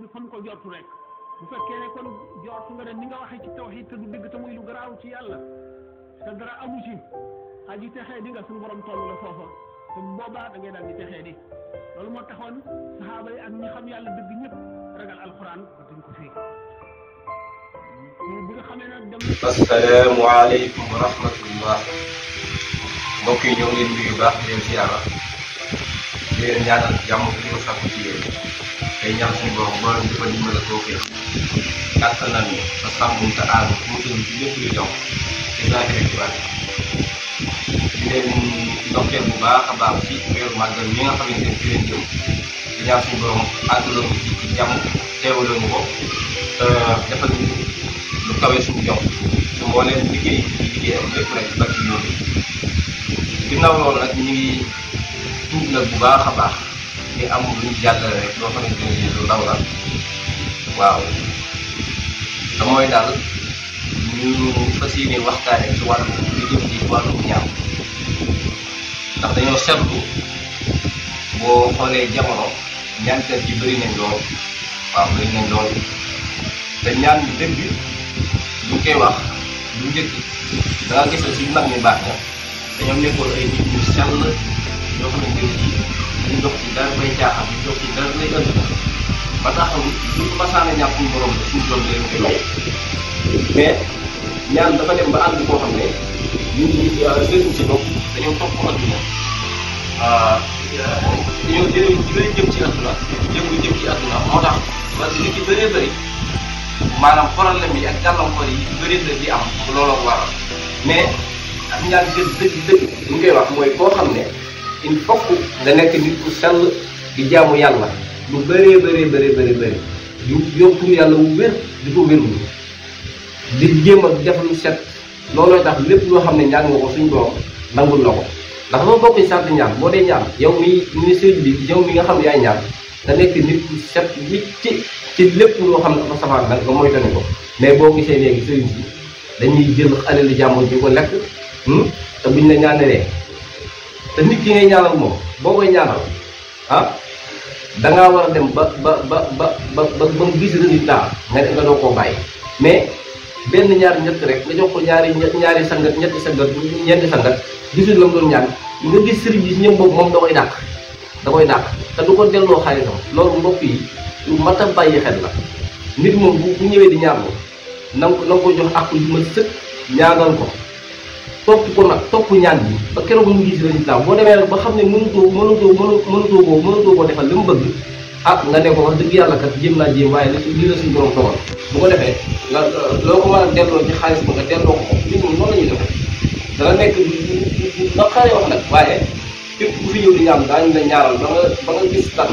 borom bi fa mu ko jortu rek bu fekkee ne kon jortu nga ne ni nga waxee ci tawxiid te du dëgg te muy lu garaaw ci yàlla te dara amu ci aji texee di nga suñu borom toll la foofa te boobaa da ngay daal di texee di loolu moo taxoon saxaaba yi ak ñi xam yàlla dëgg ñëpp ragal alxuraan ba duñ ko fii bi nga xamee nag dem asalaamu aleykum wa rahmatullah mbokk yi ñoo ngi leen nuyu baax leen siyaara leen ñaanal jàmm bi ñu sakku ci yéen tey ñaan suñu borom boole ñu ko dimbal a toofee kàttanal ñu ba sàmm te aar mu tënk ci lépp lu ñëw te bu baax a baax ci weeru màggal mi nga xamante ne ci leen jëm di ñaan suñu borom àdduloo ñu ci ci jàmm teewaloo ñu ko te defal ñu lu suñu ñëw te moo leen liggéey ci liggéeyam lépp rek ci barki loolu ginnaaw loolu nag ñu ngi tuub bu baax a baax. di am lu ñu jàllale rek loo xamante lu ndaw la waaw te mooy daal ñu fas yéene waxtaane ci wàllu lu jëm ci wàllu ñaan ndax dañoo seetlu boo xoolee jamono ñaankat ji bëri nañ lool waaw bëri nañ lool te ñaan bi dëgg bu koy wax bu njëkk da nga gis ne suñu mag ñi baax na te ñoom nekkoon ay nit ñu sell ñoo xamante ni ndox ci dara bay caaxaan duñ ndox ci dara bay ënd ba tax buñ ko masaane ñàkk suñu borom la suñu doom leen koy mais ñaan dafa dem ba ànd koo xam ne nit ñi seen ci bopp dañoo topp adduna dañoo jëlee ñu bëri jëm ci adduna jëm jëm ci adduna moo tax parce que nit ki bëree bëri maanaam problème yi ak gàllankoor yi bëri na di am looloo waral mais ak ñaan gën dëgg dëgg li ñu koy wax mooy koo xam ne il faut nga nekk nit ku sell di jaamu yàlla lu bëree bëree bëree bëri bëri di yàlla wu wér di ko wérul di jéem def lu set looloo tax lépp loo xam ne ñaan nga ko suñ borom nangul na ko ndax dafa bokk sàrti ñaan boo dee ñaan yow mi ni sëriñ bi yow mi nga xam ne yaay ñaan te nekk nit set wicc ci ci lépp loo xam ne dafa safaan nag nga moytani ko mais boo gisee léegi sëriñ bi dañuy jël alali jàmbur bi ko lekk hmm? te buñ la ñaanalee te nit ki ngay ñaanal moom boo koy ñaanal ah da ngaa war a dem ba ba ba ba ba ba mu gis résultat nga ne nga doo koo bàyyi mais benn ñaar ñett rek nga jox ko ñaari ñaari sangat ñetti sangat ñeenti sangat gisul la mu doon ñaan nga gis sëriñ bi si ñoom moom da koy dàq da koy dàq te du ko delloo xaalisam loolu mbokk yi lu mat a bàyyi xel la nit moom bu ñëwee di ñaan ko na ko na nga ko jox ma sëkk ñaanal ko. topp ko nag topp ñaan bi ba keroog ñu gis résultat boo demee nag ba xam ne mënutoo mënutoo mënutoo koo mënutoo koo defal li mu bëgg ah nga ne ko wax dëgg yàlla kat jéem naa jéem waaye li la suñu borom toogal bu ko defee nga loo ko mën a delloo ci xaalis ba nga delloo ko ko nit moom noonu la ñuy defee dana nekk nga xaaree wax nag waaye képp ku fi ñëw di ñaan daañu la ñaaral ba nga ba nga gis tan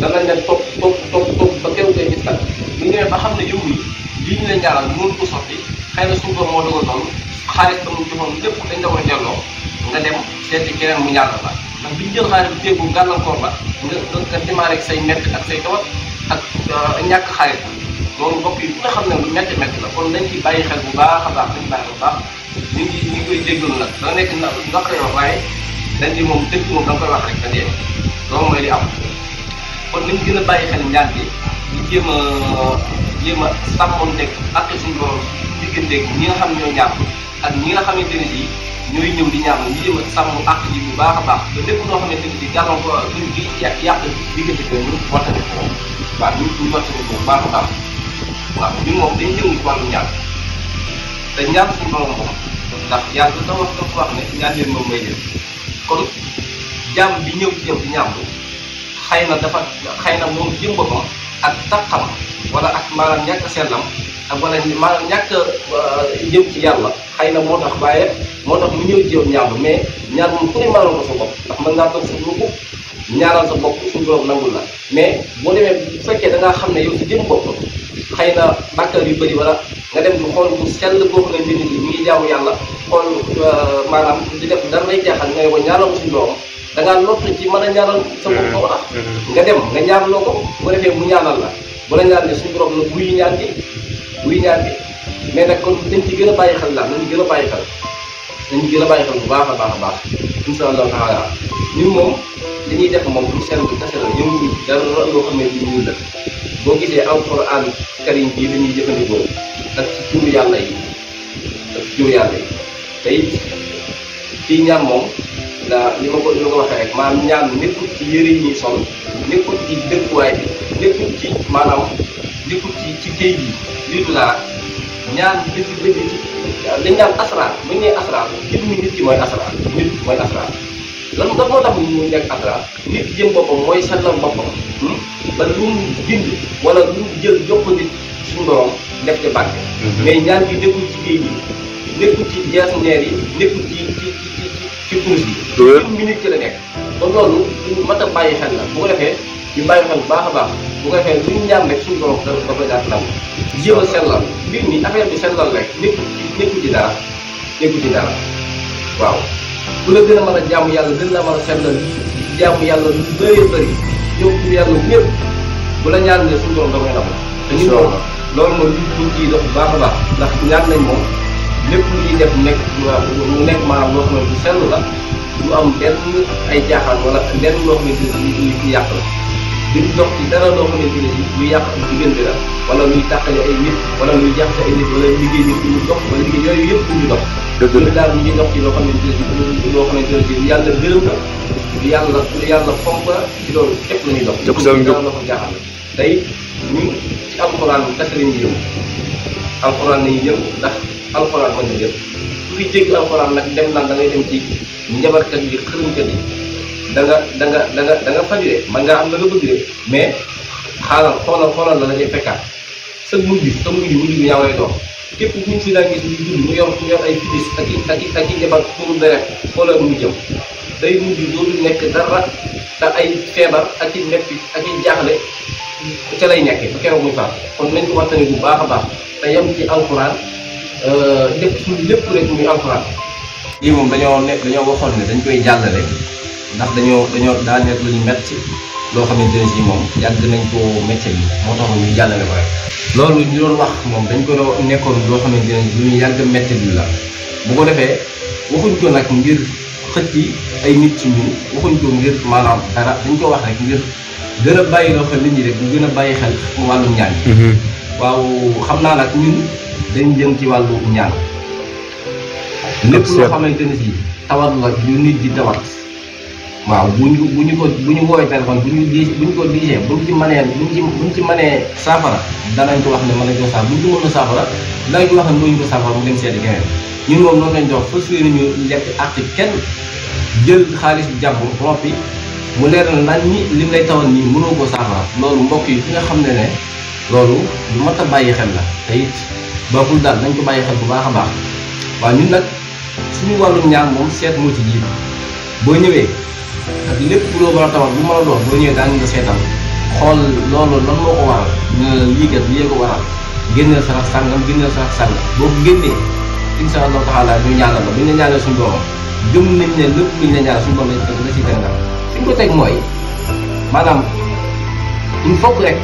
danañ ne topp topp topp topp ba keroog ngay gis tan bu ñu demee ba xam ne yow mii lii ñu la ñaaral mënut ko sotti xëy na suñu borom moo dogal noonu xaalis ba mu joxoon lépp dañ la koy delloo nga dem seeti keneen mu ñàll la ndax bi ñu jël xaalis bu déggu gàllankoor ba nga nga démarré ak say métti ak say tawat ak euh, ñàkk xaalis loolu nga xam ne lu métti la kon nañ bàyyi xel bu baax a baax dañ bàyyi bu baax ñu ngi ñu nag dana nekk na naka yoo waaye dañ di moom dëgg moom da nga koy wax rek dañuy loolu mooy li am kon nañ gën a bàyyi xel ñaan bi di jéem a jéem a sàmmoon nekk ak suñu borom digganteeg ñi ak ñi nga xamante ne bii ñooy ñëw di ñaanal ñu jëm a sàmm àq ji bu baax a baax ba lépp loo xamante ne bii gàllankoor ak di yàq yàq diggante ko ñu wattane ko baax a baax waaw ñun moom dañ jëm ci wàllu ñaan te ñaan suñu borom moom ndax yàlla dafa wax dafa wax ne ñaan leen moom may leen kon jàmm bi ñëw ci yow di ñaan ko xëy na dafa xay na moom jëm boppam ak taqam wala ak maanaam ñàkk sellam ak wala maanaam ñàkk euh, jëm ci yàlla xëy na moo tax waaye moo tax mu ñëw ci yow mais ñaar moom ku ne mënal ko sa mën ngaa toog sa bopp ñaaral sa bopp suñu mais boo demee bu fekkee xam ne yow si xëy na bàkkaar yu bëri wala nga dem du xool bu sell boobu nga mbir mi ngi jaamu yàlla xool euh, maanaam di def dara lay jaaxal wa ñaaral ko suñu borom a mm-hmm. nga dem nga ñaanloo ko bu mu ñaanal la bu la ñaan ne suñu borom la buy ñaan gi ñaar bi mais nag kon dañ ci gën a bàyyi xel daal nañ gën a bàyyi xel dañ gën a bàyyi xel bu baax a baax a baax insha allahu taala ñun moom li ñuy def moom lu sell kese la ñoom ñu dara loo xam ne lu ñu la boo gisee alquran bii la ñuy jëfandikoo ak ci turu yàlla yi ak fii ñaan moom la li ma ko li ko waxee rek maanaam ñaan nekkul ci yëre yi ñuy sol nekkul ci dëkkuwaay bi nekkul ci maanaam nekkul ci ci këyit yi lii du laa ñaan dëgg dëgg dañ ñaan asrar bu mooy asrar nit mooy asrar lan lan moo tax ñu nekk asrar nit hmm? ba lu mu bind wala lu mu jël jox ko nit mhm. nekkul ci la nekk loolu mat a bàyyi xel la bu defee ñu bàyyi xel baax a baax bu ko defee luñ ñaan rek suñu borom da koy daal nangu jéem a sellal mbir mi affaire bi sellal rek nekku nekku ci dara la gën a mën a jaamu la mën a sellal jaamu yàlla lu bëree bëri ñëw ci yàlla ñëpp bu la ñaan ne baax a ndax ñaan nañ moom lépp lu ñuy nekk mu nekk maanaam loo xam ne sell la du am benn ay jaaxaan wala benn loo xam yàq la duñ dox ci dara loo xamante ne nii luy yàq ay diggante la wala luy tàqale ay nit wala luy jaxase ay nit wala liggéey nit ñu dox wala liggéey yooyu yëpp duñu dox ñun daal ñu ngi dox ci loo xamante ne nii loo xamante ne nii yàlla gërëm na lu yàlla lu yàlla fomp ci loolu képp la ñuy dox daal loo xam jaaxal la tey ñun ci alxuraan kese la ñuy yëngu alxuraan la ñuy yëngu ndax alxuraan mën na jël ku fi jéggi alxuraan nag dem naan da ngay dem ci njabarkat yi xërëmkat yi da nga da nga da nga da nga faju de am la nga bëgg de mais xaaral xoolal xoolal la la ñuy fekkaat sa mujj sa mujj mujj bi ñaaw lay doon képp ñu fi daan gis ñu dund mu yor mu ay fitis ak i i ak i jabar pour deret xoolal mu jëm day mujj dootul nekk dara te ay feebar ak i metti ak i jaaxle ca lay nekkee ba keroog muy faat kon nañ ko waxtaane bu baax a baax te yem ci alxuraan def euh, suñu lépp rek muy alxuraan lii moom dañoo nekk dañoo waxoon ne dañ koy jàllale ndax dañoo dañoo daa nekk lu ñu loo xam ne si moom yàgg nañ koo métier bi moo tax ñu jàllale ko rek. loolu ñu doon wax moom dañ ko nekkoon loo xam ne lu ñu yàgg métti bi la bu defee waxuñ ko nag ngir xëcc ay nit ci ñun waxuñ ko ngir maanaam dara dañ ko wax rek ngir gën a bàyyi loo xel nit ñi rek ñu gën a bàyyi xel wàllu ñaan. Mhm. waaw xam naa nag ñun dañ jën ci wàllu ñaan. lépp loo xamante ne si tawat la ñu nit di tawat. waaw bu ñu bu ñu ko bu ñu woowee téléphone bu ñu ko diisee bu ñu ci mënee bu ñu ci bu ñu ci mënee saafara danañ ko wax ne mën ko saafara bu ñu ko saafara danañ ko wax ne mënuñ mu dem seeti keneen ñun moom noonu lañ dox fas yéene ñu lekk àq kenn jël xaalis jàpp roppi mu leer na lan ñi lim lay tawal nii mënoo ko saafara loolu mbokk yi fi nga xam ne ne loolu lu mat a bàyyi xel la te it bokkul daal dañ ko bàyyi xel bu baax a baax waaw ñun nag suñu wàllum ñaan moom seet moo ci jiitu boo ñëwee lépp loo mën a tabax bu mën a doon boo ñëwee daan nga seetal xool loolu lan moo ko waral ñu ne lii kat lii ko waral génneel sarax sàngam génneel sarax sàngam boo ko génnee incha allahu taala ñu ñaanal la bu ñu la ñaanal suñu borom gëm nañ ne lépp lu ñu la ñaanal suñu borom lañ teg la ci teg ndax fi ñu ko teg mooy maanaam il faut que rek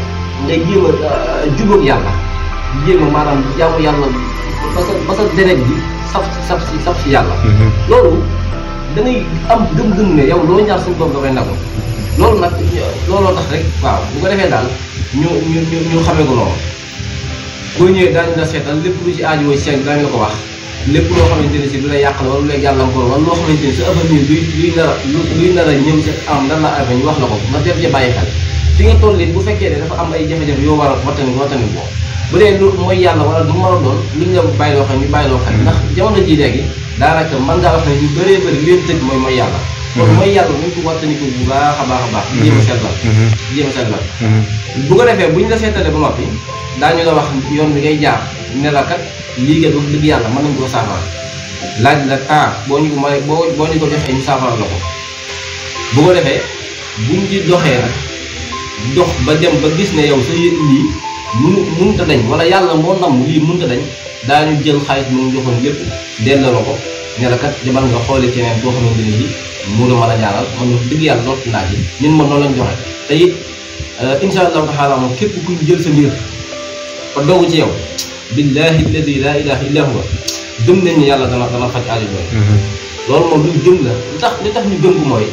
nga mà a jubóog yàlla jéem a maanaam jaamu yàlla ba sa ba sa deret bi saf saf si saf si yàlla loolu da ngay am gëm-gëm ne yow loo ñaar suñu bopp da koy nangu loolu nag looloo tax rek waaw bu ko defee daal ñu ñu ñu xamee ko noonu boo ñëwee daañu la seetal lépp lu ci aajowoo seen daañu ne ko wax lépp loo xam ne si du la yàqal wala lu lay gàllankoor wala loo xamante ne si avenir luy nar a luy nar a ñëw ci am lan la amee ñu wax na ko ma def ci bàyyi xel fi nga toll bu fekkee de dafa am ay jafe-jafe yoo war a wattani wattani boo bu dee lu mooy yàlla wala du mën a doon luñ la bàyyiloo xel ñu bàyyiloo xel ndax jamono ji léegi daanaka man ngaa wax ne ñu bëree bëri li leen tëj mooy mooy yàlla. Mhm. kon mooy yàlla bu ñu ko wattaniku bu baax a baax a baax. di jéem a mhm. Mhm. a seetlal. bu ko defee bu ñu la seetalee ba noppi daañu la wax yoon bi ngay jaar ne la kat lii kat dëgg yàlla mën nañu koo saafara laaj la ah boo ñu ko may boo boo ñu ko joxee la ko bu ko defee buñ ci doxee nag dox ba dem ba gis ne yow sa yëg lii mënu mënut dañ wala yàlla moo nam lii mënut a dañ. daañu jël xaalis bi mu joxoon yëpp delloo la ko ne la kat demal nga xoole keneen boo xamante ne bii mu la mën a jaaral man wax dëgg yàlla loolu naa ji ñun moom noonu lañ joxe te it euh, incha allahu taala moom képp ku jël sa mbir fa doogu ci yow billahi alladi laa ilaha illa huwa gëm nañ ne yàlla dana dana faj aajo yooyu mm-hmm. loolu moom luñ gëm la li tax li tax ñu gëm ko mooy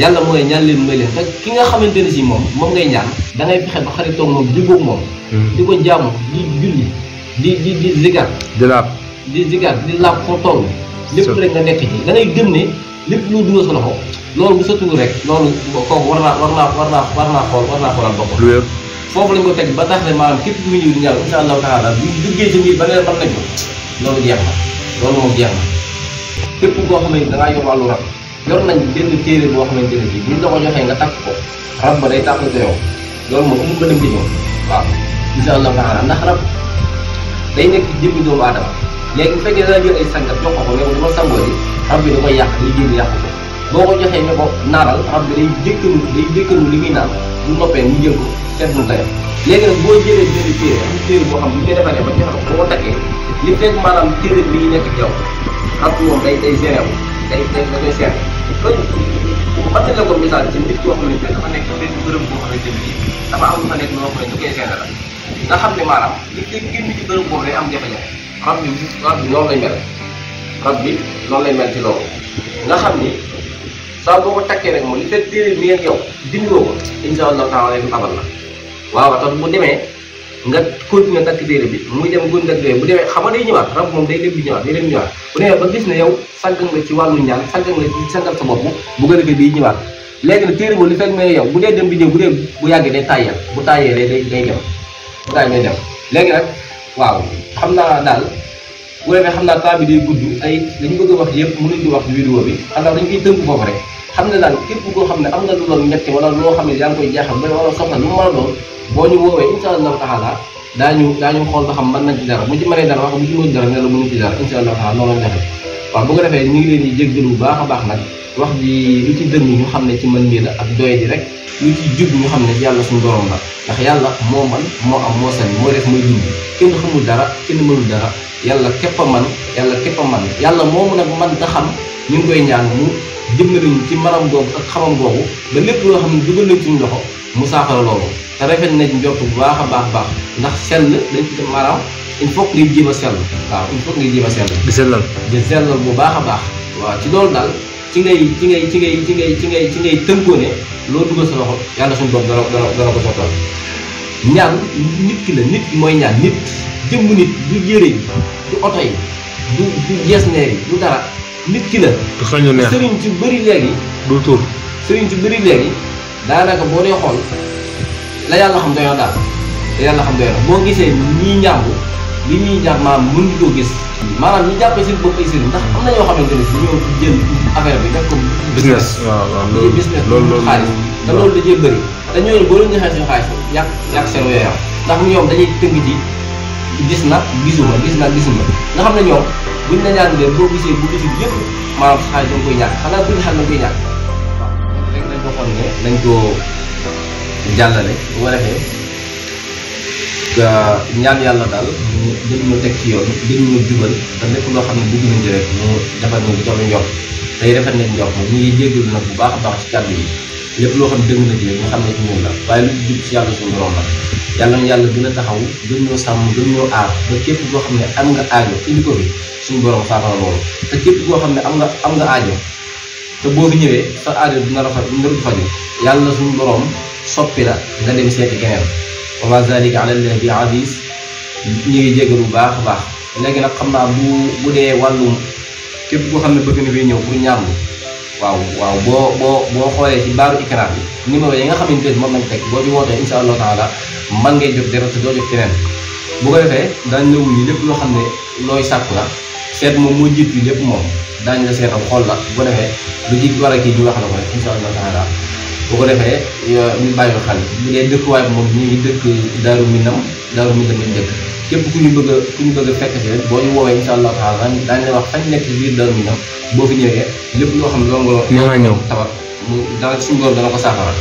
yàlla mooy ñaan leen may leen te ki nga xamante ne si moom moom ngay ñaan da ngay fexe ba xaritoog moom jubóog moom mm-hmm. di ko jaamu di julli di di di zigar. di laab di zigar di laab foo toll. lépp rek nga nekk ci da ngay lépp lu dugal sa loxo loolu bu sottiwul rek loolu kooku war naa war naa xool war naa xoolal lañ ko teg ba tax ne maanaam képp ku ñëw di ñaan incha allahu taala loolu jeex na loolu moom jeex na képp koo xam ne da ngaa rab yor nañ benn téere boo xamante ne bii buñ la ko joxee nga takk ko rab ba day tàq ci yow loolu moom amul benn mbir waaw incha allahu taala ndax rab day nekk ci jëmmi doomu aadama léegi bu fekkee dana jël ay sangat jox ko ko yow du sangoo ji rab bi da koy yàq day génn yàq boo ko joxee ne ko naanal rab bi day jëkkalu day jëkkalu li muy naan bu noppee mu jël ko seet mu tayam léegi nag boo jëlee benn téere boo xam bu ñu ko defaree ba jox ko ko takkee li fekk maanaam téere bi ngi nekk ci yow rab day day gérer day day da koy loolu mën na la ko misaal ci nit koo xamante ne dafa nekk benn bërëb boo ne dafa am lu fa nekk loo xam ne du la nga xam ne maanaam li li génn ci bërëb boobu day am jafe-jafe rab bi rab lay mel rab loolu nga xam ni saa boo ko takkee rek moom li fekk téere bi ngeen yow dindi ko incha allah taala du abal la waaw tax bu demee nga continuer takk déere bi muy dem gun dak bu demee xam nga day ñëwaat rab moom day léegi ñëwaat day leen ñëwaat bu demee ba gis ne yow sàggan nga ci wàllu ñaan sàggan nga ci sàggal sa bopp bu ko defee bii ñëwaat léegi nag téere boobu li fekk may yow bu dee dem bi ñëw bu dee bu yàggee day tàyyal bu tàyyee day day dem bu tàyyee day dem léegi nag waaw xam naa daal bu demee xam naa temps bi day gudd ay dañu bëgg a wax yëpp mënuñ di wax vidéo bi xanaa dañ xam ne daal képp koo ne am nga lu loolu ñetti ne yaa ngi koy jaaxal ba wala soxla lu mu a doon boo ñu woowee incha allahu daañu xool ba xam man nañ ci dara mu ci mënee dara wax bu ci mën dara ne la ñu ngi leen di jéggalu bu baax a baax nag wax ji lu ci dëng ñu xam ne ci mën mii ak doy di rek lu ci jub ñu xam ne yàlla suñu borom la ndax yàlla moo man moo am moo sañ moo def mooy dund kenn xamul dara kenn mënul dara yàlla képp a man yàlla képp a man yàlla moomu nag man nga xam ñu ngi koy ñaan mu jëmmaliñu ci maram boobu ak xamam boobu ba lépp loo xam ne dugal nañ suñu loxo mu saafara loolu te rafet nañ njort bu baax a baax baax ndax sell dañ ci def maanaam il faut ngay jéem a sell waaw il faut que ngay jéem a sell di sellal di sellal bu baax a baax waaw ci loolu daal ci ngay ci ngay ci ngay ci ngay ci ngay ci ngay tënkoo ne loo dugal sa loxo yàlla suñu bopp dana dana dana ko sottal ñaan nit ki mooy ñaan nit jëmm nit du yëre yi du oto yi du du gesneer yi du dara nit ki la. te sañu neex sëriñ ci bëri léegi. du tur sëriñ ci bëri léegi daanaka boo dee xool la yàlla xam doy na daal la yàlla xam doy na boo gisee ñii njàngu li ñuy jàpp maanaam mën di gis. maanaam ñi jàppee seen bopp ay sëriñ ndax am na ñoo bi def ko. business loolu business xaalis te loolu da cee bëri te ñooñu boo leen joxee suñu xaalis yàq yàq seen yooyam ndax ñoom dañuy tënk ci. gis na gisuma gis na gisuma nga xam ne ñoom buñ la ñaan leen boo gisee bu gisul yëpp maanaam sa xaalis da nga koy ñàkk xanaa buñ xam ne koy ñàkk waaw rek ne nañ ko jàllale bu ko yàlla daal ñu gën ñu teg ci yoon gën ñu jubal te lépp loo xam ne bëgg nañ ci rek mu defal ñu jox tey defal nañ njort ñu ngi jéggalu nag bu baax a baax ci kàddu yi lépp loo xam ne dëgg na ci rek ñu xam ne ci ñun la waaye lu jub ci yàlla suñu la yàlla na yàlla gën a taxaw gën ñoo sàmm gën ñoo aar ba képp koo xam ne am nga aajo indi ko fi suñu borom saafara loolu te képp koo xam ne am nga am nga aajo te boo fi ñëwee sa aajo dina rafet dina du faju yàlla suñu borom soppi la nga dem seeti keneen wa ma zalika ala llahi bi aziz ñu ngi jégal baax baax léegi nag xam naa bu bu dee wàllum képp koo xam ne bëgg na fi ñëw pour ñaanlu waaw waaw boo boo boo xoolee ci baaru écran bi numéro yi nga xamante moom lañ teg boo ci wootee incha allahu taala man ngay jot dara si doo jot keneen bu ko defee daañu la wuyu lépp loo xam ne looy sàkku la seet moom moo jiitu lépp moom daañu la seetal xool la bu ko defee lu ci war a kii ñu la ko rek incha allah taala bu ko defee ñu bàyyi ko xel bu dee dëkkuwaay bi moom ñu ngi dëkk Daaru Minam Daaru Minam lañ dëkk képp ku ñu bëgg a ñu bëgg fekk si rek boo ñu woowee incha allah taala daañu la wax fañ nekk si biir Daaru Minam boo fi ñëwee lépp loo xam ne loo nga ñëw tawat mu dara suñu borom dana ko saafara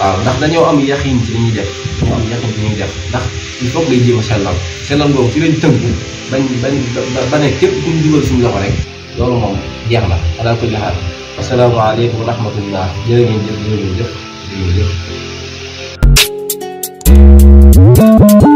waaw ndax dañoo am yaqiin ci li ñuy def ngọn nhân không nhìn được đó có bị gì mà sai lầm sai lầm rồi chứ bên từng bên bên bên này tiếp cũng dua xin lỗi này đó là mong giang là ala kulli hal assalamu alaikum warahmatullah jërë ngeen jëf jërë ngeen jëf jërë ngeen